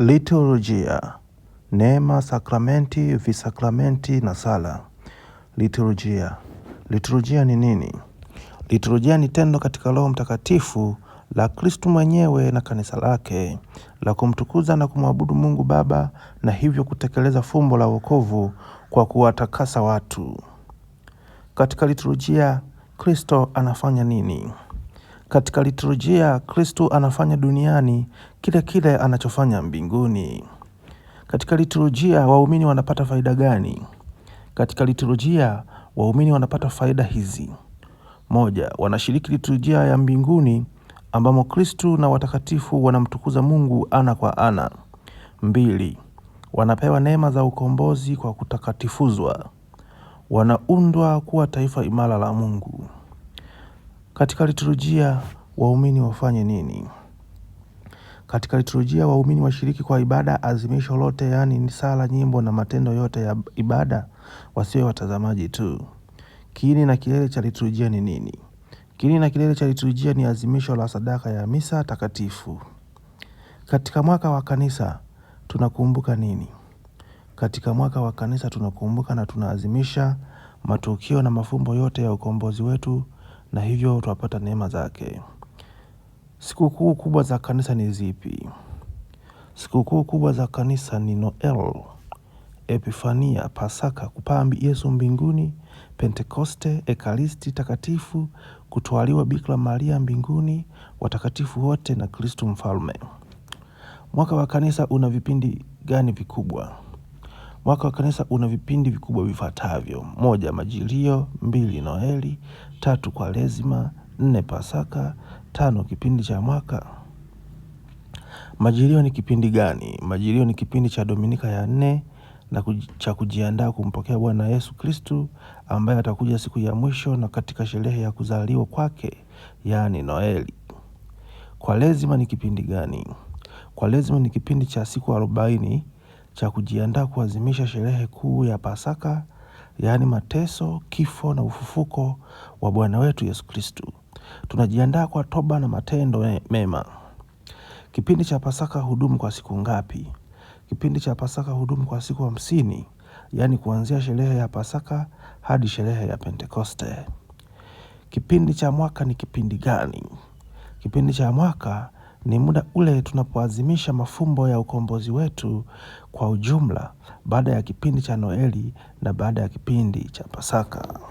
Liturujia: neema, sakramenti, visakramenti na sala. Liturujia. Liturujia ni nini? Liturujia ni tendo katika Roho Mtakatifu la Kristu mwenyewe na kanisa lake la kumtukuza na kumwabudu Mungu Baba na hivyo kutekeleza fumbo la wokovu kwa kuwatakasa watu. Katika liturujia Kristo anafanya nini? Katika liturujia Kristu anafanya duniani kile kile anachofanya mbinguni. Katika liturujia waumini wanapata faida gani? Katika liturujia waumini wanapata faida hizi: moja, wanashiriki liturujia ya mbinguni ambamo Kristu na watakatifu wanamtukuza Mungu ana kwa ana. Mbili, wanapewa neema za ukombozi kwa kutakatifuzwa. Wanaundwa kuwa taifa imara la Mungu. Katika liturujia waumini wafanye nini? Katika liturujia waumini washiriki kwa ibada azimisho lote, yaani ni sala, nyimbo na matendo yote ya ibada, wasiwe watazamaji tu. Kiini na kilele cha liturujia ni nini? Kiini na kilele cha liturujia ni azimisho la sadaka ya misa takatifu. Katika mwaka wa kanisa tunakumbuka nini? Katika mwaka wa kanisa tunakumbuka na tunaazimisha matukio na mafumbo yote ya ukombozi wetu, na hivyo twapata neema zake. Sikukuu kubwa za kanisa ni zipi? Sikukuu kubwa za kanisa ni Noel, Epifania, Pasaka, kupambi Yesu mbinguni, Pentekoste, Ekaristi Takatifu, kutwaliwa Bikira Maria mbinguni, watakatifu wote na Kristu Mfalme. Mwaka wa kanisa una vipindi gani vikubwa? Mwaka wa kanisa una vipindi vikubwa vifuatavyo: moja, Majilio; mbili, Noeli; tatu, Kwaresima; nne Pasaka, tano kipindi cha mwaka. Majilio ni kipindi gani? Majilio ni kipindi cha Dominika ya nne na cha kujiandaa kumpokea Bwana Yesu Kristu ambaye atakuja siku ya mwisho na katika sherehe ya kuzaliwa kwake, yaani Noeli. Kwaresima ni kipindi gani? Kwaresima ni kipindi cha siku arobaini cha kujiandaa kuazimisha sherehe kuu ya Pasaka, yaani mateso, kifo na ufufuko wa Bwana wetu Yesu Kristu. Tunajiandaa kwa toba na matendo mema. Kipindi cha Pasaka hudumu kwa siku ngapi? Kipindi cha Pasaka hudumu kwa siku hamsini, yaani kuanzia sherehe ya Pasaka hadi sherehe ya Pentekoste. Kipindi cha mwaka ni kipindi gani? Kipindi cha mwaka ni muda ule tunapoazimisha mafumbo ya ukombozi wetu kwa ujumla baada ya kipindi cha Noeli na baada ya kipindi cha Pasaka.